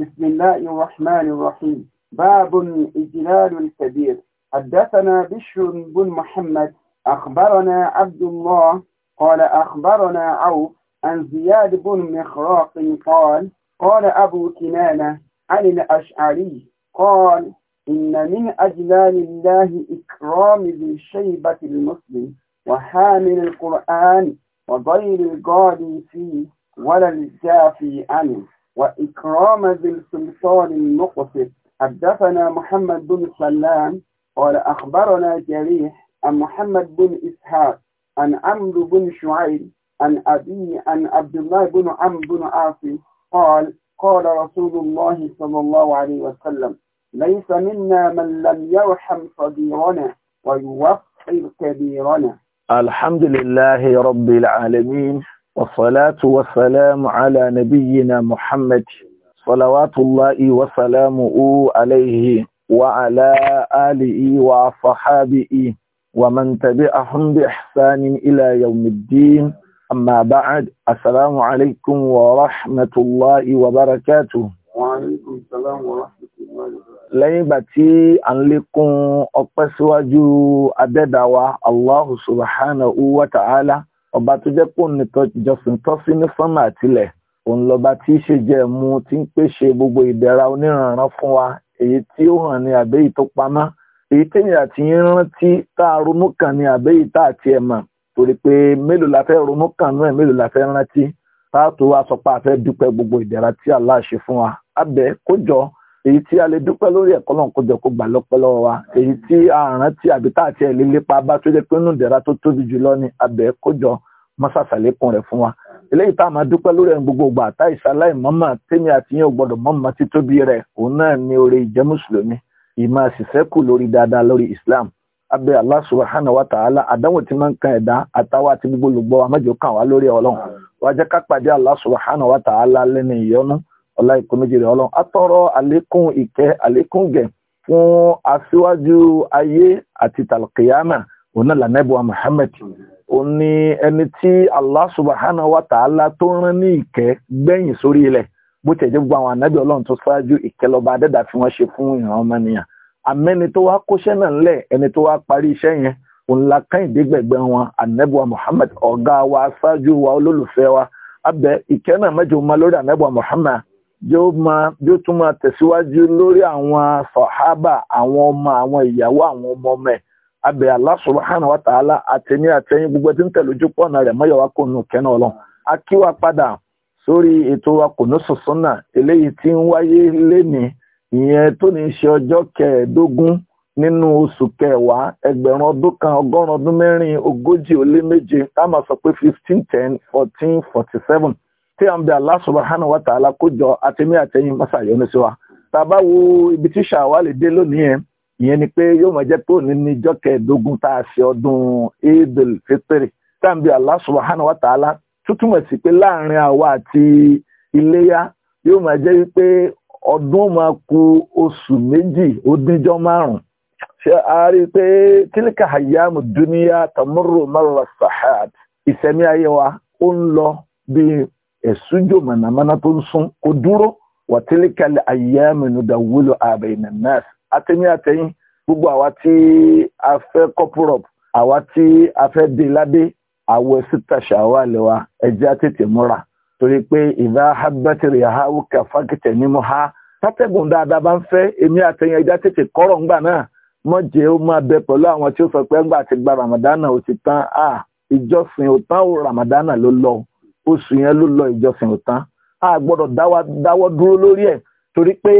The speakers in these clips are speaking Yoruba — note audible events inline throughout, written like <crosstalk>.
بسم الله الرحمن الرحيم باب إجلال الكبير حدثنا بشر بن محمد أخبرنا عبد الله قال أخبرنا عوف عن زياد بن مخراق قال قال أبو كنانة عن الأشعري قال إن من أجلال الله إكرام ذي شيبة المسلم وحامل القرآن وغير الغالي فيه ولا الجافي عنه وإكرام ذي السلطان المقصد حدثنا محمد بن سلام قال أخبرنا جريح عن محمد بن إسحاق عن عمرو بن شعيب عن أبي عن عبد الله بن عمرو بن عاصم قال قال رسول الله صلى الله عليه وسلم ليس منا من لم يرحم صغيرنا ويوقر كبيرنا الحمد لله رب العالمين والصلاة والسلام على نبينا محمد صلوات الله وسلامه عليه وعلى آله وصحابه ومن تبعهم بإحسان إلى يوم الدين أما بعد السلام عليكم ورحمة الله وبركاته وعليكم السلام ورحمة الله وبركاته lẹ́yìn ìgbà tí a ń lékún ọpẹ́ síwájú adẹ́dàwà Allahu subhanahu wa ta'ala ọba tó jẹ́ pò nìkan ìjọsìn tọ́ sí ní sánmà àtilẹ̀ òun lọ́ba tí í ṣe jẹ́ mu tí ń pèsè gbogbo ìdẹ̀ra oníranran fún wa èyí tí ó hàn ní àbẹ́yìí tó pamọ́ èyí téèyàn àti yín rántí tá a ronú kàn ní àbẹ́yìí tá a tiẹ̀ mọ̀ torí pé mélòó la fẹ́ ronú kàn náà mélòó la fẹ́ rántí tá tó wá sọ pé a fẹ́ dúpẹ́ gbogbo ìdẹ̀ra tí Allah ṣe fún wa abẹ́ kó èyí tí a lè dúpẹ́ lórí ẹ̀kọ́ lọ́n kó jọ kó gbà lọ́pẹ́ lọ́wọ́ wa èyí tí a rántí àbí tá àti ẹ̀lẹ́ lépa bá tó jẹ́ pé nù dẹ̀ra tó tóbi jùlọ ni abẹ́ kójọ mọ́sàsàlékún rẹ̀ fún wa eléyìí tá a máa dúpẹ́ lórí ẹ̀ gbogbo ògbà tá ìsàláì mọ́mọ́ tèmi àti yín ò gbọ́dọ̀ mọ́mọ́ títóbi rẹ̀ òun náà ni oore ìjẹ́ mùsùlùmí ìmọ̀ àṣìṣẹ́kù lórí dáadáa lórí Islam abẹ́ Allah subhanahu wa ta'ala àdánwò tí máa ń kan ẹ̀dá àtàwọn àti gbogbo olùgbọ́ amájò Allah subhanahu wa ta'ala lẹ́nu ìyọnu ọlá ìkó méjì rẹ̀ ọlọ́run atọ́rọ àlékún ìkẹ́ àlékún gẹ̀ fún aṣíwájú ayé àti tàlùkìyàmà òun náà lànàbíwá Muhammad òun ni ẹni tí Allah subhanahu wa ta'ala tó rán ní ìkẹ́ gbẹ̀yìn sórí ilẹ̀ bó tẹ̀ jẹ́ gbogbo àwọn ànábì ọlọ́run tó ṣáájú ìkẹlọba adẹ́dà tí wọ́n ṣe fún ìran ọmọnìyàn àmẹ́ni tó wá kóṣẹ́ náà ńlẹ̀ ẹni tó wá parí iṣẹ́ yẹn òun la kẹ́hìndé wọn ànábìwá Muhammad ọ̀gá wa ṣáájú wa olólùfẹ́ wa abẹ ìkẹ́ náà mẹ́jọ ma lórí ànábìwá Muhammad yóò máa yóò tún máa tẹ̀síwájú lórí àwọn sàhábà àwọn ọmọ àwọn ìyàwó àwọn ọmọ ọmọ ẹ̀ abẹ́ Allah subhanahu wa ta'ala àtẹ̀ní àtẹ̀yìn gbogbo tí ń tẹ̀lé ojú pọ̀nà rẹ̀ mọ́yọ̀wá kò nù kẹ́nà ọlọ́run a kí wa padà sórí ètò eléyìí ń wáyé ìyẹn tó ní ṣe ọjọ́ kẹẹ̀ẹ́dógún nínú oṣù tí a ń bẹ Allah subhanahu wa ta'ala kó jọ àtẹ̀mí àtẹ̀yìn mọ́sá yọ́nú sí wa tá wo ibi tí ṣàwálì dé lónìí yẹn ìyẹn ni pé yóò máa jẹ́ pé òní ní ijọ́ kẹẹ̀ẹ́dógún tá a ṣe ọdún Eidul Fitr tá a ń bẹ Allah subhanahu wa ta'ala tútùmọ̀ sí pé láàrin àwa àti iléyá yóò máa jẹ́ wípé ọdún máa ku oṣù méjì ó díjọ́ márùn-ún ṣe a rí i pé tílíkà hayyamu dúníyà tamurru marra sahad ìsẹ̀mí ayé wa ó ń lọ bíi ẹ̀sùjò mọ̀nàmọ́ná tó ń sún kó dúró wàtílíkàlẹ̀ ayéhàmìnú dàwúlò ààbẹ̀ ìnà náà àtẹ̀mí àtẹ̀yìn gbogbo àwa tí a fẹ́ kọ́pùrọ̀p àwa tí a fẹ́ dé ládé àwọ̀ sítàṣà wà lẹ́wà ẹ̀jẹ̀ àtètè múra torí pé ìdá habẹ́tìrì àháwù kàfákìtẹ̀ nímú ha tátẹ́gùn dáadáa bá ń fẹ́ èmi àtẹ̀yìn ẹ̀jẹ̀ àtètè kọ́rọ̀ ńgbà náà mọ̀jẹ̀ ó máa bẹ pẹ̀lú àwọn tí ó sọ pé ńgbà àti gba ramadana ó tán ìjọsìn ò tán ó ramadana ló lọ́wọ́ oṣù yẹn ló lọ ìjọsìn òtán a gbọ́dọ̀ dáwọ́ dúró lórí ẹ̀ torí pé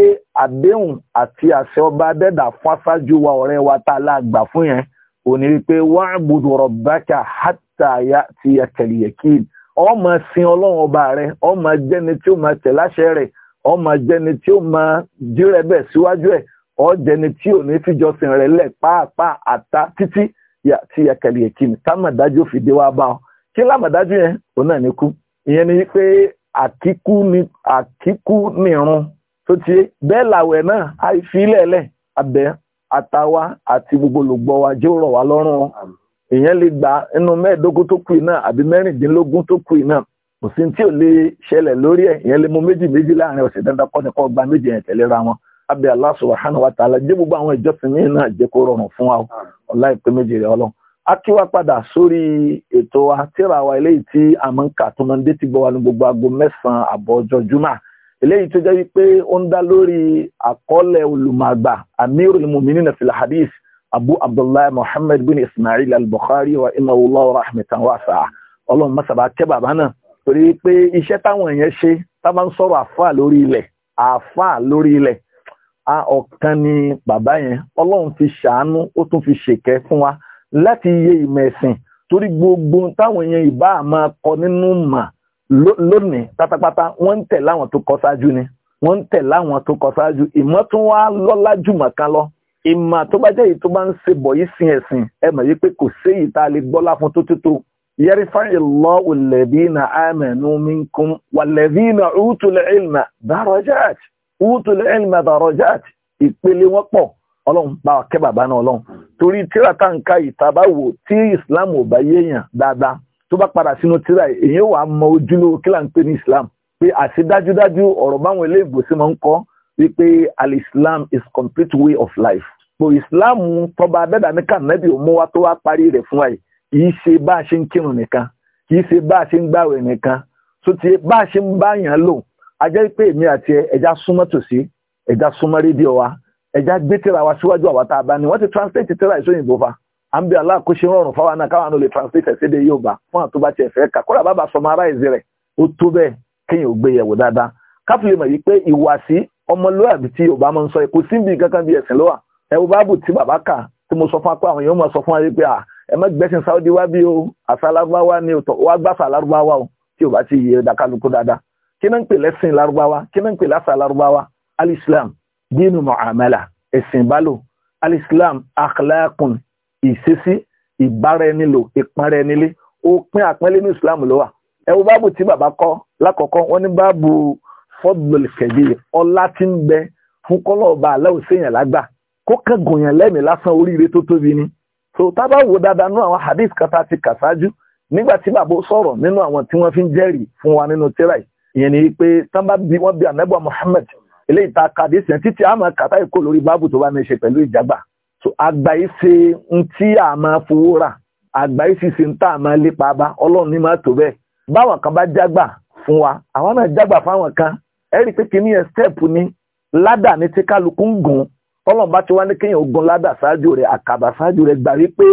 àdéhùn àti àṣẹ ọba adẹ́dà fún aṣáájú wa ọ̀rẹ́ wa tá a la gbà fún yẹn ò ní rí i pé wa'budu rabbaka hatta ya'tiyakal yakin ó máa sin ọlọ́run ọba rẹ ó máa jẹ́ni tí ó máa tẹ̀ láṣẹ rẹ̀ ó máa jẹ́ni tí ó máa dírẹ̀ bẹ̀ síwájú ẹ̀ ó tí ò ní fìjọsìn rẹ̀ lẹ̀ pàápàá àta títí ya'tiyakal yakin támàdájú fìdí wa bá ọ kí lámàdájú yẹn òun náà ní kú ìyẹn ni pé àkíkú ni àkíkú nìrun tó ti bẹ́ẹ̀ làwẹ̀ náà àìfilẹ̀lẹ̀ abẹ àtàwa àti gbogbo olùgbọ́ wa jẹ́ rọ̀ wá lọ́rùn èèyàn lè gba inú mẹ́ẹ̀ẹ́dógún tó kù náà àbí mẹ́rìndínlógún tó kù náà kò sí tí ò lè ṣẹlẹ̀ lórí ẹ̀ ìyẹn lè mú méjì méjì láàrin ọ̀sẹ̀ dandan kọ́ ni kọ́ gba méjì yẹn tẹ̀léra wọn abẹ́ Allah subhanahu wa ta'ala jẹ́ gbogbo àwọn ìjọsìn míì náà jẹ́ kó rọrùn fún wa ọ̀la ìpè méjì rẹ̀ ọlọ́run a kí wa padà sórí ètò wa tírà wa eléyìí tí a máa ń kà tó máa ń dé ti gbọ́ wa ní gbogbo aago mẹ́sàn-án àbọ̀ ọjọ́ jumá eléyìí tó jẹ́ wípé ó ń dá lórí àkọọ́lẹ̀ olùmọ̀gbà amirul mu'minina fil hadith abu abdullahi muhammad bin ismail al-bukhari wa imawulawo rahmatan wasa ọlọ́run masaba kẹ́ bàbá náà torí pé iṣẹ́ táwọn èèyàn ṣe tá bá ń sọ̀rọ̀ àfà lórí ilẹ̀ àfà lórí ilẹ̀ a ọ̀kan ni bàbá yẹn ọlọ́run fi ṣàánú ó tún fi ṣèkẹ́ fún wa láti yẹ ìmẹ̀sìn torí gbogbo táwọn èèyàn ìbá máa kọ nínú mà lónìí pátápátá wọ́n ń tẹ̀ láwọn tó kọ ṣáájú ni wọ́n ń tẹ̀ láwọn tó kọ ṣáájú ìmọ̀ tún wá lọ́lá jùmọ̀ kan lọ ìmọ̀ tó bá jẹ́ èyí tó bá ń ṣe bọ̀ yìí sin ẹ̀sìn ẹ mọ̀ yìí pé kò sí èyí tá a lè gbọ́lá fún tó tótó يرفع الله الذين آمنوا منكم والذين أوتوا العلم درجات أوتوا العلم درجات ìpele wọn pọ̀ ọlọ́run bá wa kẹ́ bàbá náà ọlọ́run torí tíra tá n ká ìtaba wò tí islam ò bá yéèyàn dáadáa tó bá padà sínú tíra èyí wàá mọ ojúlówó kí ń pè ní islam pé àti dájúdájú ọ̀rọ̀ báwọn ilé ìgbòsí máa ń kọ́ wípé al-islam is complete way of life pò islam tọba abẹ́dà ní kànáàbì òun wá tó wá parí rẹ̀ fún àyè kì í ṣe bá a ṣe ń kírun nìkan kì í ṣe bá a ṣe ń gbàwẹ̀ nìkan tó ti bá a ṣe ń bá yàn lò a pé èmi àti ẹja súnmọ́ tòsí ẹja súnmọ́ rédíò wa ẹja gbé tírà wa síwájú àwa tá a bá ní wọ́n ti translate tírà ìsóyìnbó fa à ń bẹ aláàkóṣe rọrùn fáwọn náà káwọn náà lè translate ẹ̀sẹ̀dẹ̀ Yorùbá fún àtúbà tiẹ̀ fẹ́ kà kódà bàbá summarize rẹ̀ ó tó bẹ́ẹ̀ kéèyàn ò gbé yẹ̀wò dáadáa káfílẹ̀ mọ̀ wípé ìwàsí ọmọlúwàbí tí Yorùbá máa ń sọ kò síbi kankan bí ẹ̀sìn lọ́wà ẹ̀wù báàbù tí bàbá kà tí mo sọ fún apá àwọn èèyàn máa sọ fún Saudi wá bí o àṣà lárúbáwá ni o wá gbàṣà lárúbáwá o tí Yorùbá ti yẹ al-Islam dínú mọ̀àmẹ́là ẹ̀sìn ìbálò alislam akhlaqun ìṣesí ìbáraẹnilò ìpínrẹ́nilé òpin àpẹẹlẹ ní islam ló wà ẹ wo báàbù tí bàbá kọ lákọ̀ọ́kọ́ wọ́n ní báàbù fọ́dùlù kẹ̀bí ọlá tí ń bẹ fún kọ́lọ́ọ̀bà aláwọ̀ séèyàn lágbà kó kẹ́gùn yàn lẹ́mìí lásán oríire tó tóbi ni so tábà wò dáadáa nú àwọn hadith kata ti kà ṣáájú nígbà tí bàbá sọ̀rọ̀ nínú àwọn tí wọ́n fi ń jẹ́rìí fún wa nínú tíra eléyìí ta kàdé sẹ́yìn títí àmọ́ kàtà ìkó lórí báàbù tó bá mi ṣe pẹ̀lú ìjàgbà so àgbáyé ṣe ń tí a máa fowó rà àgbáyé sì ṣe ń tà máa lépa bá ọlọ́run ní máa tó bẹ́ẹ̀ báwọn kan bá jágbà fún wa àwọn náà jágbà fáwọn kan ẹ rí i pé kìíní yẹn stẹ́ẹ̀pù ni ládà ní tí kálukú ń gùn ọlọ́run bá ti wá ní kéèyàn ogun ládà ṣáájú rẹ̀ àkàbà ṣáájú rẹ̀ gbà wípé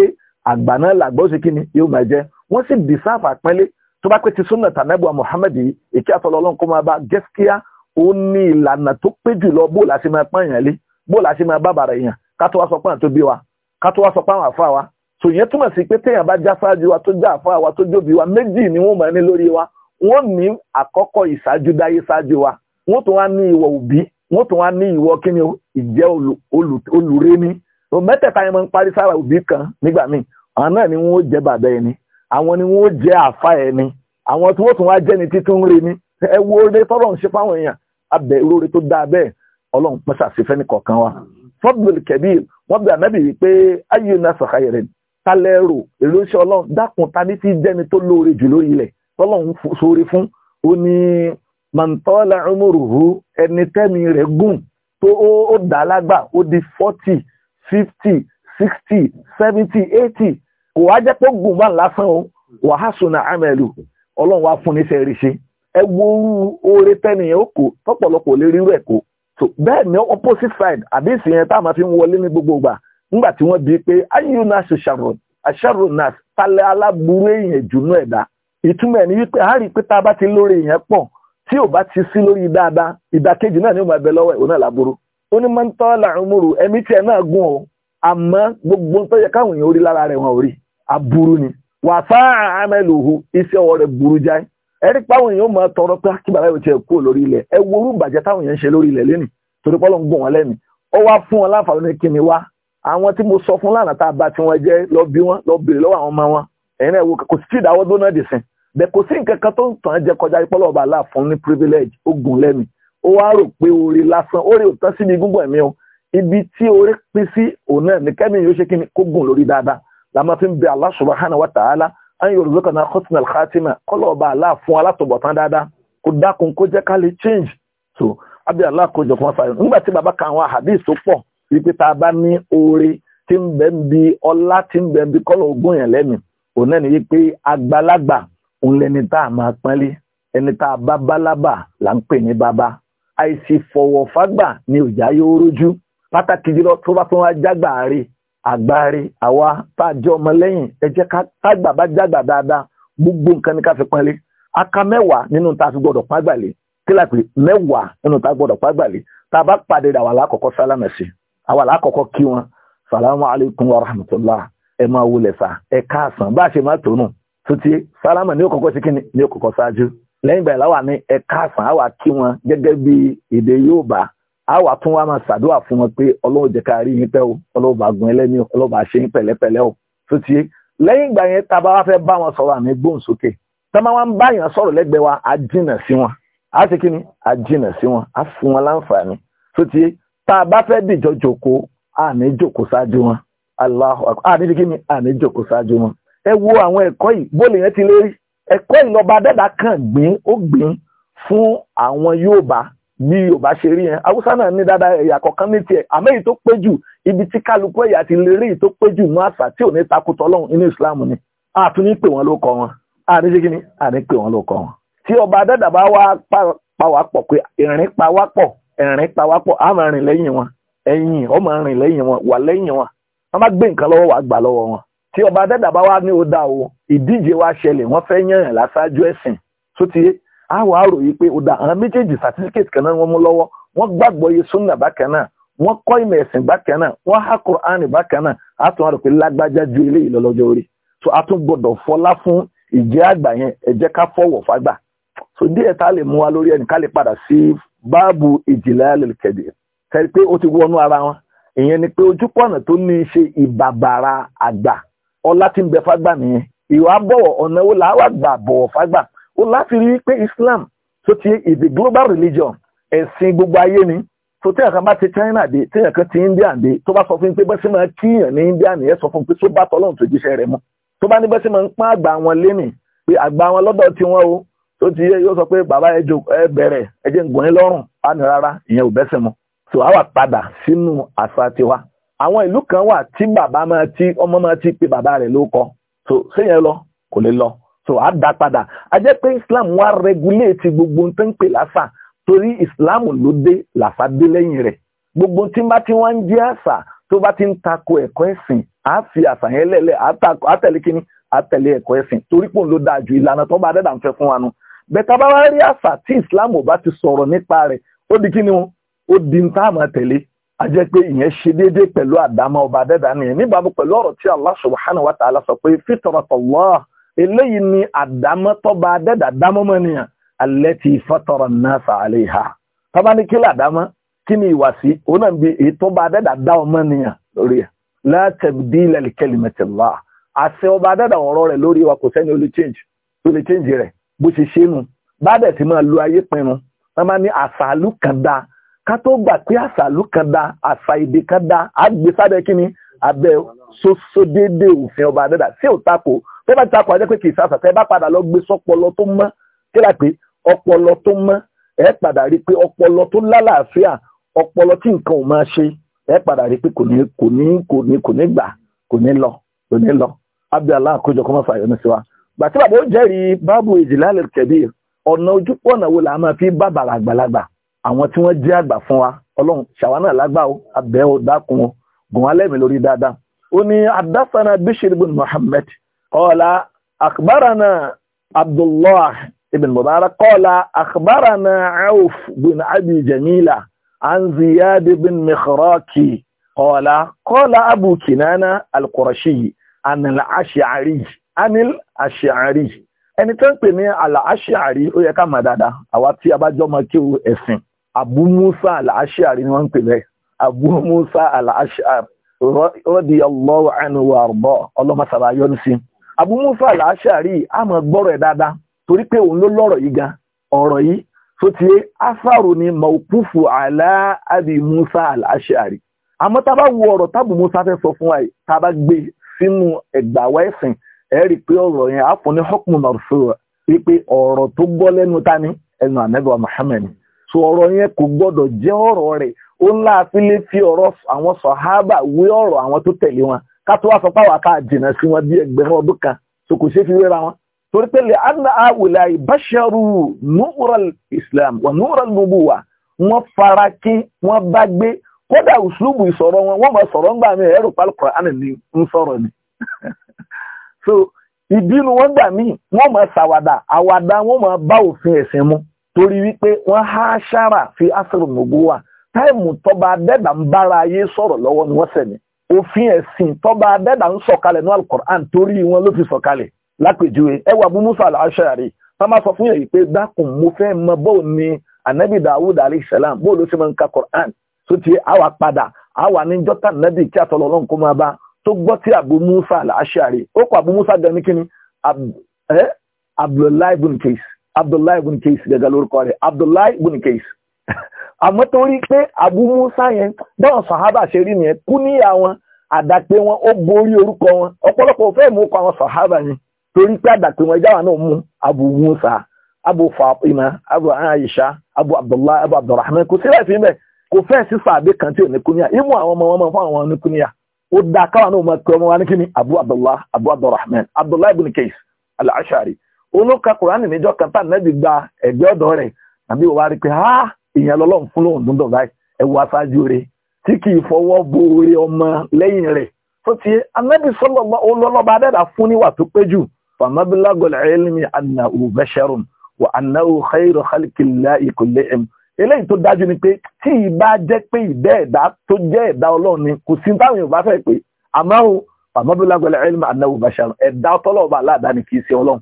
àgbà náà làgbọ́ sí kíni yóò máa jẹ́ wọ́n sì dìsáàfà pẹ́lẹ́ tó bá pẹ́ ti súnà tànẹ́bùà Muhammad yìí èkí àtọ́lọ́lọ́run kó máa bá gẹ́síkíá ó ní ìlànà tó pé jùlọ bó la ṣe máa pààyàn lé bó la ṣe máa bá bàrà èèyàn ká tó wá sọ pààyàn tó bí wa ká tó wá sọ pààyàn àfa wa tò yẹn túmọ̀ sí pé téèyàn bá já ṣáájú wa tó já àfa wa tó jóbi wa méjì ni wọ́n máa ní lórí wa wọ́n ní àkọ́kọ́ ìṣáájú dáyé ṣáájú wa wọ́n tún wá ní ìwọ òbí wọ́n tún wá ní ìwọ kíni ìjẹ́ olùréní mẹ́tẹ̀ẹ̀ta yẹn máa ń parí sára òbí kan nígbà míì àwọn náà ni wọ́n jẹ́ bàbá ẹni àwọn ni wọ́n jẹ́ àfa ẹni àwọn tí wọ́n tún wá jẹ́ni títún rí ni ẹ wo oore tọ́rọ̀ ń ṣe fáwọn èèyàn abẹ ìróore tó dáa bẹ́ẹ̀ ọlọ́run pẹ́sà sí fẹ́ni kọ̀ọ̀kan wa fọ́bùlù kẹ́bíl wọ́n bẹ ànábì yìí pé ayé ọ̀nà sọ̀kayẹ̀ rẹ̀ talẹ́rò ìránṣẹ́ ọlọ́run dákun ta ní ti jẹ́ni tó lóore jù lórí ilẹ̀ tọ́lọ́run sóore fún ó ní mọ̀ntọ́lá ọmọrùhù ẹni tẹ́mi rẹ̀ gùn tó ó dà ó di forty fifty sixty seventy eighty kò wá jẹ́ pé gùn bá lásán o wàhásùn náà àmẹ́lù ọlọ́run wá fún níṣẹ́ rí ṣe ẹ wo oore tẹ́nìyàn ó kó tọ́pọ̀lọpọ̀ lè rírú ẹ̀ so bẹ́ẹ̀ ni opposite side yẹn tá fi ń wọlé ní gbogbo ìgbà nígbà tí wọ́n bíi pé ayu na sharon asharon na talẹ̀ aláburú èèyàn jùnú ẹ̀dá ìtumọ̀ ẹ̀ ni wípé a rí i pé tá a bá ti lórí èèyàn pọ̀ tí ò ni ó máa bẹ lọ́wọ́ ẹ̀ náà láburú ó ní ẹ̀mí tiẹ̀ náà gùn gbogbo tó yẹ káwọn èèyàn orí lára rẹ̀ wọn ò rí aburú ni wàá fáà iṣẹ́ ẹ̀rí páwọn èèyàn máa tọrọ pé kí bàbá ìwòtí ẹ̀ kú lórí ilẹ̀ ẹ wo orú ìbàjẹ́ táwọn èèyàn ń ṣe lórí ilẹ̀ lẹ́nu torí pọ́lọ́ ń gùn wọn lẹ́nu ó wá fún wọn láǹfààní kí ni wá àwọn tí mo sọ fún lánàá tá a bá tiwọn jẹ́ lọ bí wọn lọ béèrè lọ́wọ́ àwọn ọmọ wọn ẹ̀yin náà kò sí ìdáwọ́ dóná dì sin bẹ́ẹ̀ kò sí nǹkan kan tó ń tàn án jẹ kọjá pọ́lọ́ ọba aláà ní privilege ó gùn lẹ́nu ó wá rò pé orí lásán orí òtán síbi gúngbọ̀n ẹ̀mí o ibi tí orí pín sí òun náà ní kẹ́mi yóò ṣe kí ni kó gùn lórí dáadáa la máa fi ń bẹ Allah subhanahu wa ta'ala an yorùzókànà husna alkhatima kọ́lọ̀ ọba Allah fún alátọ̀bọ̀tán dáadáa kó dákun kó jẹ́ ká lè change so abi Allah kó jọ fún wọn fàyọ̀ nígbà tí bàbá kan àwọn hadith tó pọ̀ wípé tá a bá ní oore tí ń bẹ ń bi ọlá tí ń bẹ ń bi kọ́lọ̀ ogún yẹn lẹ́nu òun náà nìyí pé àgbàlagbà òun lẹni tá a máa pẹ́lẹ́ ẹni tá a bá bálábà là ń pè ní bàbá àìsí fọ̀wọ̀fágbà ni òjá yóò rójú pàtàkì jùlọ tó bá tún wá jágbà rí àgbáre àwa tájọ́ ọmọlẹ́yìn ẹ jẹ́ ká tágbà bá jágbà dáadáa gbogbo nǹkan ní ká fi pọ́nlé aka mẹ́wàá nínú tá a fi gbọ́dọ̀ pàgbàlè kílàpì mẹ́wàá nínú tá a gbọ́dọ̀ pàgbàlè tá a bá pàdé àwọn alákọ̀ọ́kọ́ sálámẹ̀ sí àwọn alákọ̀ọ́kọ́ kí wọn salamu alaykum wa rahmatulah ẹ máa wulẹ̀ sá ẹ káàsán bá a ṣe máa tónù tuntun sálámà ní òkòkò sí kíni ní òkòkò ṣáájú lẹ́yìn ìgbà ìlàwà ní ẹ káàsán àwa kí wọn gẹ́gẹ́ bí èdè Yorùbá a wà tún wá máa ṣàdúrà fún wọn pé ọlọ́run jẹ́ ká rí yín pẹ́ o ọlọ́run bá gun ẹlẹ́ni ọlọ́run bá ṣe yín pẹ̀lẹ́pẹ̀lẹ́ o tó ti lẹ́yìn ìgbà yẹn tá a bá wá fẹ́ bá wọn sọ̀rọ̀ àmì gbóhùn sókè tá a máa ń bá yàn sọ̀rọ̀ lẹ́gbẹ̀ẹ́ wa á jìnà sí wọn á ti kí ni á jìnà sí wọn á fún wọn láǹfààní tó ti tá a bá fẹ́ dìjọ jòkóó àní jòkóó ṣáájú wọn ni àní jòkóó ṣáájú wọn ẹ wo àwọn ẹ̀kọ́ yìí bó lè yẹn ti lè rí ẹ̀kọ́ ìlọba dẹ́dà kan bí ò bá ṣe rí yẹn haúsá náà ní dáadáa ẹ̀yà kọ̀ọ̀kan ní tiẹ̀ àmọ́ èyí tó pé jù ibi tí kálukú ẹ̀yà ti lè rí èyí tó pé jù mú àṣà tí ò ní takùtọ̀ ọlọ́run inú ìsìláàmù ni àtún ní pè wọ́n ló kọ wọn àní ṣe kíni àní pè wọ́n ló kọ wọn. tí ọba dẹ́dà bá wá pa wá pọ̀ pé ìrìn pa wá pọ̀ ìrìn pa wá pọ̀ á máa rìn lẹ́yìn wọn ẹ̀yìn ó máa rìn lẹ́yìn wọn wà lẹ́yìn wa ṣẹlẹ̀ wọ́n fẹ́ yàn án láṣáájú ẹ̀sìn tó a wàá rò yìí pé ọ̀dà àwọn méjèèjì certificate kan náà wọ́n mú lọ́wọ́ wọ́n gbàgbọ́ yé sunna bákan náà wọ́n kọ́ ìmọ̀ ẹ̀sìn bákan náà wọ́n há Qur'an bákan náà a tún wá rò pé lágbájá ju eléyìí lọ lọ́jọ́ orí so a tún gbọ́dọ̀ fọlá fún ìjẹ́ àgbà yẹn ẹ ká fọwọ́ fágbà so díẹ̀ tá a lè mú wa lórí ẹnì ká lè padà sí báàbù ìjìlá lẹ́lẹ́kẹ̀dì tẹ́lẹ̀ pé ó ti wọnú ara wọn ni pé ojúpọ̀nà tó ní í ó láti rí pé Islam tó ti is global religion ẹ̀sìn gbogbo ayé ni tó téèyàn kan bá ti China dé téèyàn kan ti India dé tó bá sọ fún mi pé bẹ́sẹ̀ máa kíyàn ní India nìyẹn sọ fún mi pé tó bá tọ́lọ́run tó jíṣẹ́ rẹ̀ mu tó bá ní bẹ́sẹ̀ máa ń pán àgbà wọn lénìí pé àgbà wọn lọ́dọ̀ tí wọ́n o tó ti yẹ yóò sọ pé bàbá ẹ jò ẹ bẹ̀rẹ̀ ẹ jẹ́ ngùn yín lọ́rùn á ní rárá ìyẹn ò bẹ́sẹ̀ mu tó a wà padà sínú àṣà tiwa àwọn ìlú kan wà tí bàbá máa ti ọmọ máa ti pé bàbá rẹ̀ ló tó séyẹn lọ kò lè lọ so á dá padà a jẹ́ pé islam wá regulate gbogbo tó ń pè láṣà torí islam ló dé làṣà dé lẹ́yìn rẹ̀ gbogbo tí bá ti wá ń jẹ́ àṣà tó bá ti ń tako ẹ̀kọ́ ẹ̀sìn á fi àṣà yẹn lẹ́lẹ̀ á tẹ̀lé kíní á tẹ̀lé ẹ̀kọ́ ẹ̀sìn torí pòun ló dáa ju ìlànà tó bá dẹ́dà ń fẹ́ fún wa nu bẹ́ẹ̀ tá bá wá rí àṣà tí islam ò bá ti sọ̀rọ̀ nípa rẹ̀ ó di kíni ó di ń tá àmọ́ tẹ̀lé a jẹ́ pé ìyẹn ṣe déédéé pẹ̀lú àdámọ́ ọba dẹ́dà nìyẹn níbàámu pẹ̀lú ọ̀rọ̀ tí Allah subhanahu wa ta'ala sọ pé fitratallah eléyìí ni àdámọ́tọ́ba adẹ́dà dámọ́mọ́ nìyàn allati fatara an-nasa 'alayha tọ́ba ní kí làdámọ́ kí ni ìwàsí òun náà bí ìtọ́ba adẹ́dà dá ọmọ nìyàn lórí ẹ̀ la tabdila li kalimatillah àṣẹ ọba adẹ́dà ọ̀rọ̀ rẹ̀ lórí wa kò sẹ́ni ó lè change ó lè change rẹ̀ bó ṣe ṣe nu bá dẹ̀ ti máa lo ayé pinnu wọ́n máa àṣàlù kan dáa ká tó gbà pé àṣàlù kan dáa àṣà èdè kan dáa àgbèsábẹ́ kí ni abẹ́ sósódéédé òfin ọba adẹ́dà sí òtakò tẹ́ bá ti takò àjẹ́ pé kì í sàṣà tẹ́ bá padà lọ gbé sọpọlọ tó mọ́ kí là pé ọpọlọ tó mọ́ ẹ padà rí pé ọpọlọ tó lálàáfíà ọpọlọ tí nǹkan ò máa ṣe ẹ padà rí pé kò ní kò ní kò ní kò ní gbà kò ní lọ kò ní lọ abiola àkójọ kọ́mọ́ fàyọ ní síwá gbàtí bàbá ó jẹ́rìí báàbù ìjìlálẹ̀ kẹ̀bí ọ̀nà ojúpọ̀ ọ̀nà wo là á máa fi bá bàrà àgbàlagbà àwọn tí wọ́n jẹ́ àgbà fún wa ọlọ́run ṣàwa náà lágbà ó abẹ́ ó dákun ó gùn alẹ́ mi lórí dáadáa ó ní adásánà bishir bin muhammed قال أخبرنا عبد الله بن مبارك قال أخبرنا عوف بن أبي جميلة عن زياد بن مخراكي قال قال أبو كنانة القرشي عن الأشعري عن الأشعري ẹni tó ń pè ní àlàáṣíàrí ó yẹ ká mà dáadáa àwa tí a bá jọmọ kí o ẹ̀sìn Abu Musa àlàáṣíàrí ni wọ́n ń pè lẹ́ Abu Musa àlàáṣíàrí radiyallahu anhu wa arda ọlọ́mọ sàbáyọ́nù sí i Abu Musa al-Ash'ari àmọ́ gbọ́rọ̀ ẹ̀ dáadáa torí pé òun ló lọ́rọ̀ yìí gan ọ̀rọ̀ yìí tó ti yé asaru ni maukufu ala Abi Musa al-Ash'ari àmọ́ tá a bá wo ọ̀rọ̀ tábù Musa fẹ́ sọ fún wa yìí tá a bá gbé sínú ẹgbàáwá ẹ̀sìn ẹ̀ rí i pé ọ̀rọ̀ yẹn á fún ní hukmu marfu wípé ọ̀rọ̀ tó gbọ́ lẹ́nu tani ẹnu Ànábì wa Muhammad so ọ̀rọ̀ yẹn kò gbọ́dọ̀ jẹ́ ọ̀rọ̀ rẹ̀ ó ńlá fi lè fi ọ̀rọ̀ àwọn sàhábà wé ọ̀rọ̀ àwọn tó tẹ̀lé wọn kátó wá sọ pé àwọn akáà jìnnà sí wọn bí ẹgbẹ̀rún ọdún kan so kò ṣe fi wéra wọn torí pé lè anna àwòlá ìbáṣẹrù nùúrọl islam wà nùúrọl nubuwa wọn fara kí wọn bá gbé kódà uslubu ìsọ̀rọ̀ wọn wọn máa sọ̀rọ̀ ńgbà mí ẹrù pálí Kùránì ni ń sọ̀rọ̀ ni <laughs> so ìbínú wọn gbà mí wọn máa ṣàwàdà àwàdà wọn máa bá òfin ẹ̀sìn mu torí wípé wọn há ṣára fi asrul nubuwa táìmù tọba adẹ́dà ayé sọ̀rọ̀ lọ́wọ́ ni wọ́n sẹ̀ ni òfin ẹ̀sìn tọ́ba abẹ́dà ń sọ̀kalẹ̀ ní alukoran torí wọn ló fi sọ̀kalẹ̀ lápèjúwe ẹ wà bú musa al-ashari wọn máa sọ fún yẹn pé dákun mo fẹ́ mọ bóun ni anabi dawud alayhi salam bóun ló ṣe máa ń ka koran tó ti àwa padà àwa ní jọ́tà nabi kí àtọ̀lọ́ ọlọ́run kó máa bá tó gbọ́ tí abu musa al ó kọ abu musa gan ní abdullahi ibn qais abdullahi ibn qais gẹ́gẹ́ lórúkọ rẹ̀ abdullahi ibn qais àmọ́ torí pé Abu Musa yẹn sàhábà ṣe rí nìyẹn kú níyà àwọn àdàpé wọn ó borí orúkọ wọn ọ̀pọ̀lọpọ̀ fẹ́ẹ̀ mú kọ àwọn sàhábà yẹn torí pé àdàpé wọn ìjáwá náà mú Abu Musa Abu Fatima Abu Aisha Abu Abu Abdulrahman kò sílẹ̀ fi mẹ́ kò fẹ́ẹ̀ sí sàbí kan tí ò ní ọmọ wọn fún àwọn ọmọ wa ní ha èèyàn lọ́lọ́run fún lóhùn dúndùn báyìí ẹ̀wù aṣáájú rẹ̀ tí kì í fọwọ́ bo orí ọmọ lẹ́yìn rẹ̀ tó ti anábì sọ́lọ́ olólọ́ba adẹ́dà fún níwà tó pé jù fàmábílágọ̀ ilmi annahu basharun wa annahu khayru khalqillahi kullihim eléyìí tó dájú ni pé tí ìbá jẹ́ pé ìbẹ́ ẹ̀dá tó jẹ́ ẹ̀dá ọlọ́run ni kò sí táwọn yorùbá fẹ́ pé àmọ́ o fàmábílágọ̀ ilmi annahu basharun ẹ̀dá ọtọ́lọ́ọ̀bá aláàdá kì í ṣe ọlọ́run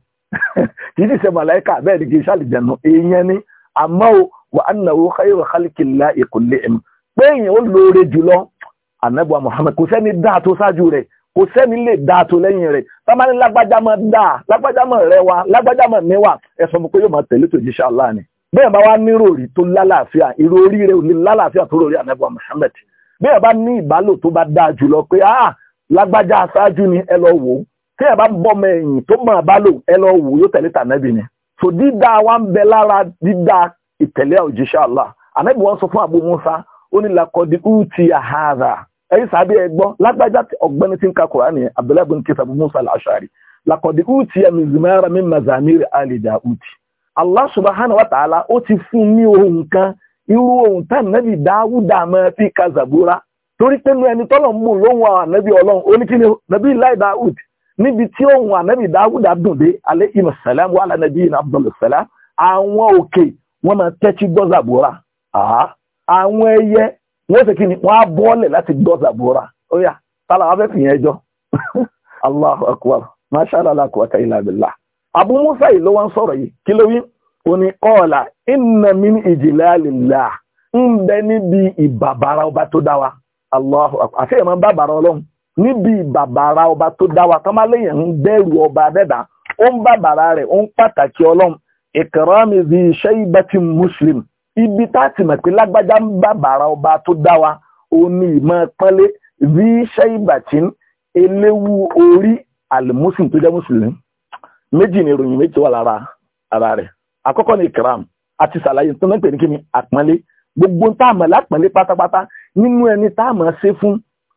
<laughs> kì í ṣe màláìkà bẹ́ẹ̀ ni kì í ṣàlìjẹ̀nu èèyàn ni àmọ́ o wa annahu khayru khalqillahi kullihim pé èèyàn ó lóore jùlọ ànábì Muhammad kò sẹ́ni dáa tó ṣáájú rẹ̀ kò sẹ́ni lè dáa tó lẹ́yìn rẹ̀ tábà ní lágbájámọ̀ dáa lágbájámọ̀ rẹwà lágbájámọ̀ níwà ẹ sọ fún pé yóò máa tẹ̀lé tó jíṣẹ́ Allah ni bẹ́ẹ̀ bá wá nírò rí tó lálàáfíà ìrò orí rẹ̀ ò ní lálàáfíà tó rọrí Muhammad bẹ́ẹ̀ bá ní ìbálò tó bá dáa jùlọ pé ah lágbájá aṣáájú ni ẹ lọ wò tí ẹ bá bọ́ ọmọ ẹ̀yìn tó máa bá lò ẹ lọ wò yóò tẹ̀lé tànábì ni so dídá wa ń bẹ lára dídá ìtẹ̀lé òjíṣẹ́ Allah ànábì wọn sọ fún Abu Musa ó ní lakọ́dí uti ahada ẹ̀yin sàbí ẹ gbọ́ lágbájá ọ̀gbẹ́ni tí ń ka Kùránì Abdullahi bin Kisa Abu Musa al-Ash'ari lakọ́dí uti mizmara min mazamir ali Daudi Allah subhanahu wa ta'ala ó ti fún ní ohun kan irú ohun tá nàbì Dáwúdà máa fi ka Zabura torí pé nu ẹni tọ́lọ̀ ń mú lóhun àwọn ànábì Ọlọ́run ó ní kí ni nàbì láì Dáwùd níbi tí ohun ànábì Dáwúdà dùn dé alẹ́ ìmọ̀sálàmù alánàbí ìnà Abdullahi sálàm àwọn òkè wọ́n máa tẹ́tí gbọ́ zàbúrà àwọn ẹyẹ wọ́n ṣe kí ni wọ́n á bọ́ọ̀lẹ̀ láti gbọ́ zàbúrà ó tálà wọ́n fẹ́ fi yẹn jọ <laughs> Allahu Allah la quwwata illa billah yìí ló wá ń sọ̀rọ̀ yìí kí ló wí ìbàbàrà ọba tó wa Allahu akbar àti ìmọ̀ bàbàrà ọlọ́run níbi ìbàbàrà ọba tó dá wa ń ìkàràmì bí iṣẹ́ ìbẹ́tì muslim ibi tá a ti mọ̀ pé lágbájá ń bá bàrà ọba tó dá wa òun ni ìmọ̀ pọ́nlé bí iṣẹ́ ìbàtí eléwu orí alimusin tó jẹ́ mùsùlùmí méjì ni ìròyìn méjì wà lára ara rẹ̀ àkọ́kọ́ ni ìkàràm àti sàlàyé tó náà pè ní kíni àpọ́nlé gbogbo tá a mọ̀ lápọ́nlé pátápátá nínú ẹni tá a mọ̀ ṣe fún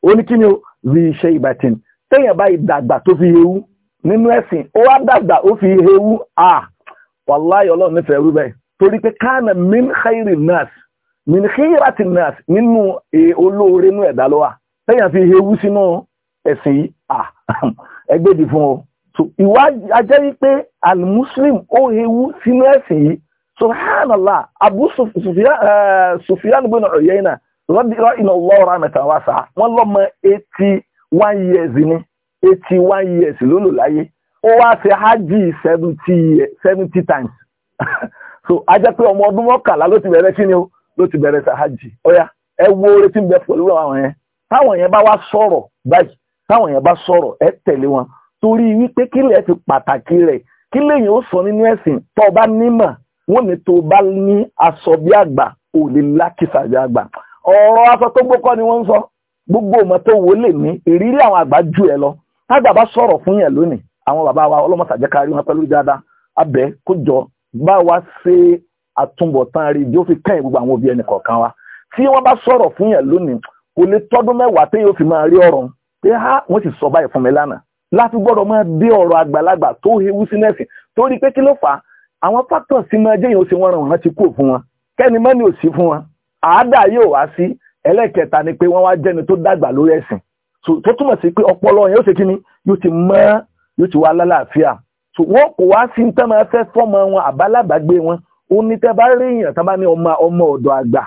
oníkíni o bí iṣẹ́ ìbàtí téèyàn báyìí dàgbà tó fi hewu nínú ẹ̀sìn ó wá dàgbà ó fi hewu Ah wàláyé ọlọ́run nífẹ̀ẹ́ rú bẹ́ẹ̀ torí pé kánà min khairi nas min khairati nas nínú e, olóore inú ẹ̀dá lọ́wà tẹ́yàn fi hewu sínú ẹ̀sìn yìí <laughs> ẹgbẹ́dì fún ọ. ìwà ajẹ́ wípé al-muslim ó hewu sínú ẹ̀sìn yìí subhanallah abu sufiyan bin uyayna rọ́dìrọ́ iná lọ́wọ́ rámẹ̀tà wá sá wọ́n lọ́mọ eighty one years ni eighty one years ló láyé ó wá ṣe hajj seventy seventy times <laughs> so a jẹ́ pé ọmọ ọdún mọ́kànlá ló ti bẹ̀rẹ̀ kí ni o ló ti bẹ̀rẹ̀ ṣe hajj ọ̀yà ẹ wo oore tí ń bẹ pẹ̀lú àwọn yẹn táwọn yẹn bá wá sọ̀rọ̀ báyìí táwọn yẹn bá sọ̀rọ̀ ẹ tẹ̀lé wọn torí wípé kílẹ̀ ti pàtàkì rẹ̀ kílẹ̀ yẹn ó sọ nínú ẹ̀sìn tó o bá nímọ̀ wọ́n ni tó o bá ní aṣọ bí àgbà ò lè lákìsà bí àgbà ọ̀rọ̀ aṣọ tó gbókọ́ ni wọ́n ń sọ gbogbo ọmọ tó wọlé ní ìrírí àwọn àgbà ju ẹ lọ tágbà bá sọ̀rọ̀ fún yẹn lónìí àwọn bàbá wa ọlọ́mọsàjẹ́kárí wọn pẹ̀lú dáadáa abẹ kójọ bá wa ṣe àtúbọ̀tán rí bí ó fi kẹ́yìn gbogbo àwọn òbí ẹnì kọ̀ọ̀kan wa tí wọ́n bá sọ̀rọ̀ fún yẹn lónìí kò lè tọ́dún mẹ́wàá tí yóò fi máa rí ọ̀rọ̀ pé ha wọ́n sì sọ báyìí fún mi lánàá láti gbọ́dọ̀ máa dé ọ̀rọ̀ àgbàlagbà tó hewu sí nẹ́ẹ̀sì torí pé kí ló fà á àwọn pátọ̀ sí máa jẹ́yìn òsì wọn ràn wọ́n ti kú fún wọn kẹ́ni yóò ti wá lálàáfíà wọ́n kò wá sí tán máa fẹ́ fọ́mọ wọn àbálàbàgbé wọn ó ní tẹ́ bá rí èèyàn tán bá ní ọmọ ọmọ ọ̀dọ̀ àgbà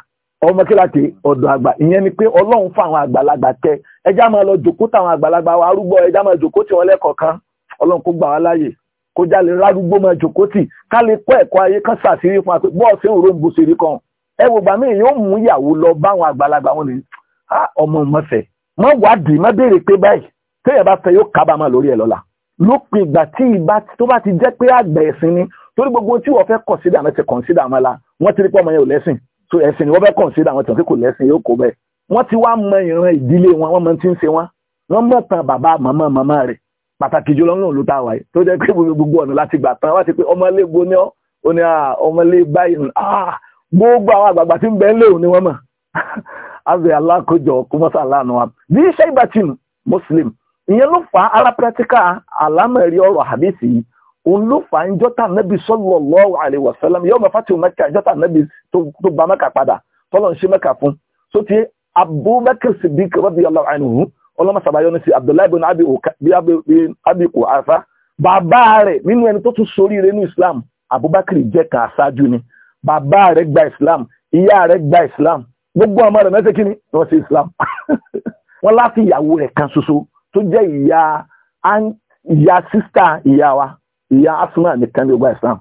ọmọ kí láti ọ̀dọ̀ àgbà ìyẹn ni pé ọlọ́run fún àwọn àgbàlagbà tẹ ẹjá máa lọ jòkó táwọn àgbàlagbà wa arúgbó ẹjá máa jòkó tí wọn lẹ́kọ̀ọ́ kan ọlọ́run kó gbà wá láàyè kó jálè rárúgbó máa jòkó tì ká lè kọ́ ẹ̀kọ́ ayé kan ṣàṣírí fún wa bọ́ọ̀sì òró ń kan ẹ wò gbà míì yóò mú ìyàwó lọ báwọn àgbàlagbà wọn lè ah, ọmọ mọ̀fẹ́ mọ̀ wádìí mọ̀ béèrè pé báyìí téèyàn bá fẹ́ yóò kábàámọ̀ lórí ẹ̀ lọ́la lópin ìgbà tí ìbá tó bá ti jẹ́ pé àgbà ẹ̀sìn ni torí gbogbo tí wọ́n fẹ́ consider wọn ti consider wọn la wọ́n ti rí pọ́ ọmọ yẹn ò lẹ́sìn so ẹ̀sìn ni wọ́n fẹ́ consider wọn tí wọ́n fi kò lẹ́sìn yóò kó bẹ́ẹ̀ wọ́n ti wá mọ ìran ìdílé wọn wọ́n mọ tí ń ṣe wọn wọ́n mọ̀ tán bàbá màmá màmá rẹ̀ pàtàkì jùlọ náà ló ta wà yìí tó jẹ́ pé gbogbo ọ̀nà láti gbà tán wá ti pé ọmọlé bo ni ọ́ ó ní ọmọlé báyìí ah, gbogbo àwọn àgbààgbà tí ń bẹ ńlẹ̀ òun ni wọ́n mọ̀ azẹ̀ <laughs> alákòjọ kọmọ́sá muslim ìyẹn ló fà á ara pẹ́tíkà àlámẹ̀rí ọ̀rọ̀ àbísí òun ló fà á ń jọ́tà nẹ́bí sallallahu alaihi wasallam yawma fatu Mẹ́kà jọ́tà nẹ́bí tó bá Mẹ́kà padà tọ́lọ̀ ń ṣe Mẹ́kà fún tó ti Abubakar Siddiq radiyallahu anhu ọlọ́mọsàbáyọ́ ní sí Abdullahi bin Abi abi Quhafa bàbá rẹ̀ nínú ẹni tó tún soríire ní Islam Abubakar jẹ́ ká aṣáájú ni bàbá rẹ̀ gba Islam ìyá rẹ̀ gba Islam gbogbo ọmọ rẹ̀ mẹ́sẹ̀kí ni wọ́n ṣe Islam <laughs> wọ́n láti ìyàwó rẹ̀ kan ṣoṣo tó jẹ́ ìyá ìyá sísítà ìyá wa ìyá asuna nìkan ní ọgbà islam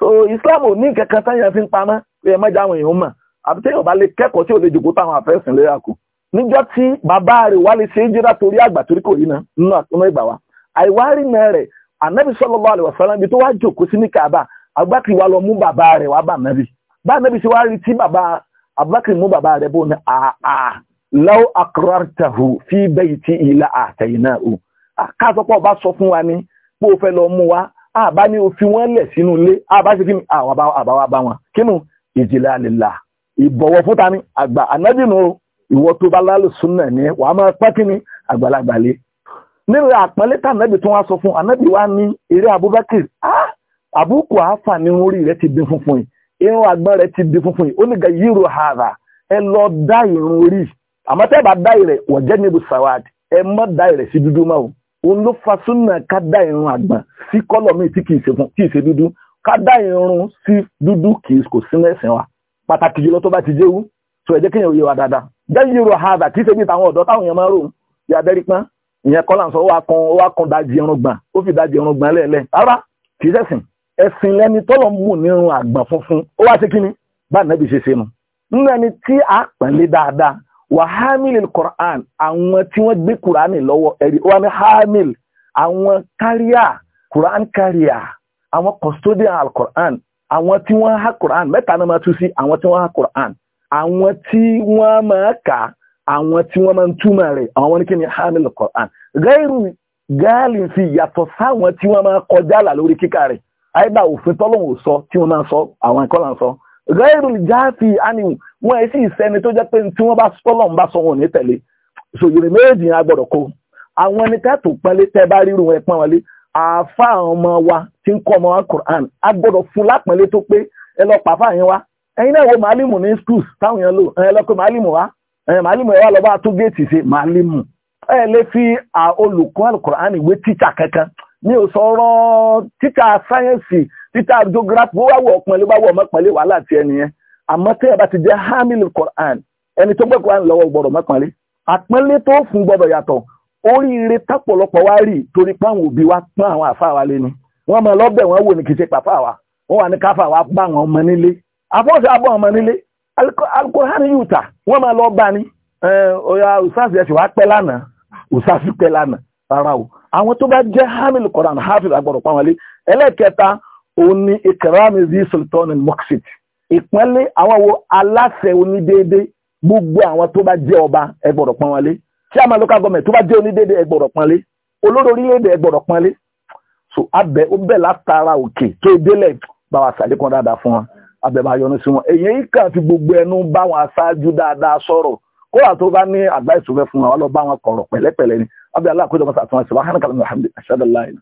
so islam ò ní kankan sáyẹn fi ń pamọ́ pé ẹ mẹ́jọ àwọn èèyàn mọ̀ àbí tẹ́yìn ọba lè kẹ́kọ̀ọ́ tí ò lè jòkó táwọn afẹ́sìn léra kù níjọ́ tí bàbá rẹ̀ wá lè ṣe é jẹ́ra torí àgbà torí kò rí náà nínú àtúnú ìgbà wa àìwárí náà rẹ̀ ànábì sallallahu alaihi wasallam ibi tó wá jòkó sí ní kaaba agbákì wa lọ mú bàbá rẹ̀ wá bà nábì bá nábì ṣe wá rí tí bàbá agbákì mú bàbá rẹ̀ bó ní àà law aqrartahu fi baytihi la atainahu àkásọ́pọ̀ bá sọ fún wa ní pé o fẹ́ lọ mú wa àbá ní o fi wọ́n lẹ̀ sínú ilé àbá ṣe kí ni àbáwá bá wọn kínú ìjìlá àlèlà ìbọ̀wọ̀ fún ta ni àgbà ànájìnú ìwọ tó bá lálùsùn náà ní wàá máa pẹ́ kí ni àgbàlagbà lé nínú àpọ́nlé tá ànábì tó wá sọ fún ànábì wá ní eré Abubakar àbúkù àáfà ní orí rẹ ti di funfun irun àgbọn rẹ ti di funfun ó ní ga yírò hàrà ẹ lọ dá irun orí àmọ́ tẹ́ bá dá ìrẹ̀ wọ̀jẹ́ níbu sàwádìí ẹ mọ́ dá ìrẹ̀ sí dúdú máa o òun ló fa súnà ká dá irun àgbọ̀n sí kọ́lọ̀ míì tí kìí ṣe fún kìí ṣe dúdú ká dá irun sí dúdú kìí kò sí mẹ́sìn wa pàtàkì jùlọ tó bá ti jẹ́wú tó ẹ̀jẹ̀ kéèyàn yé wa dáadáa jẹ́yìn yìí ro hàdà kìí ṣe bí tàwọn ọ̀dọ́ táwọn èèyàn máa rò yà dẹ́rí pọ́n ìyẹn kọ́lá ń sọ ó wá kan ó wá kan dajì irun gbọ̀n ó fi dajì irun gbọ̀n lẹ́ẹ̀lẹ́ rárá kìí ṣẹ̀sìn ẹ̀sìn lẹni tọ́lọ̀ mú nírun àgbọ̀n funfun ó wá ṣe kíni bá nàbì ṣe ṣe nu nínú ẹni tí a pẹ̀lẹ́ dáadáa wàhámìlì Qur'an àwọn tí wọ́n gbé Qur'ani lọ́wọ́ ẹ̀rí wọ́n ní hámìl àwọn káríà Qur'an káríà àwọn custodian al Qur'an àwọn tí wọ́n há Qur'an mẹ́ta náà máa tú sí àwọn tí wọ́n há Qur'an àwọn tí wọ́n máa kà àwọn tí wọ́n máa ń túmọ̀ rẹ̀ àwọn wọn ní kí ni hámìl Qur'an gẹ́rù gáàlì fi yàtọ̀ sáwọn tí wọ́n máa kọjá là lórí kíkà rẹ̀ àyíbá òfin tọ́lọ́hùn sọ tí wọ́n máa sọ àwọn ẹ̀kọ́ rẹ́rù jáàfì ánìwò wọ́n ẹ̀ sì sẹ́ni tó jẹ́ pé tí wọ́n bá sọ́lọ̀ ń bá sọ wọn ní tẹ̀lé ṣòyìnrì méjì yẹn agbọ́dọ̀ kó àwọn ẹni tẹ́tù pẹ́lẹ́ tẹ́ bá ríru wọn pọ́n wọlé àáfà ọmọ wa ti ń kọ́ ọmọ wa Quran agbọ́dọ̀ fún lápẹ́lẹ́ tó pé ẹ lọ pàfà yẹn wa ẹ̀yin náà wo màálìmù ní schools táwọn yẹn lò ẹ lọ pé màálìmù wa màálìmù ẹ wà lọ bá tó géètì ṣe màálìmù ẹ lè fi olùkọ́ Quran ìwé tíṣà kankan mi ò sọ̀rọ̀ tíṣà sáyẹ́ǹsì títà geography bó wá wọ ọpọlẹ bá wọ ọmọpọlẹ wàhálà tiẹ̀ nìyẹn àmọ́ tẹ́ ẹ bá ti jẹ́ hamil Quran ẹni tó gbé Quran lọ́wọ́ gbọ́dọ̀ mọpọlẹ àpọnlé tó fún gbọ́dọ̀ yàtọ̀ oríire tápọ̀lọpọ̀ wá rí torí páwọn òbí wa pọ́n àwọn àfa wa lé ni wọ́n mọ lọ́bẹ̀ wọ́n wò ní kì í ṣe pàpà wa wọ́n wà ní káfà wa bá àwọn ọmọ nílé àfọ́sẹ̀ abọ́ ọmọ nílé alukóhánì yóò tà wọ́n mọ lọ́ọ́ bá ní ọ̀yà òsàsì ẹ̀sìn wa pẹ́ lánàá òsàsì pẹ́ lánàá rárá o àwọn tó bá jẹ́ hamil Quran hafiz agbọ̀dọ̀ pàwọn lé ẹlẹ́kẹta òun ni ìkàràmì zi sultan al-muqsit ìpínlẹ̀ àwọn wo aláṣẹ onídéédé gbogbo àwọn tó bá jẹ́ ọba ẹ gbọ́dọ̀ pọ́n wọn lé tí àwọn local government tó bá jẹ́ onídéédé ẹ gbọ́dọ̀ pọ́n lé olórí orílẹ̀-èdè ẹ gbọ́dọ̀ pọ́n lé so abẹ ó bẹ̀ látara òkè tó délẹ̀ bá wa sàlékún dáadáa fún wa abẹ bá yọ́nú sí wọn èyí kà fi gbogbo ẹnu bá wọn aṣáájú dáadáa sọ̀rọ̀ kóra tó bá ní àgbá ìṣòfẹ́ fún wa wọn lọ bá wọn kọ̀rọ̀ pẹ̀lẹ́pẹ̀lẹ́ ni abẹ aláàkójọ mọ́sàtúnwá sí wa hàn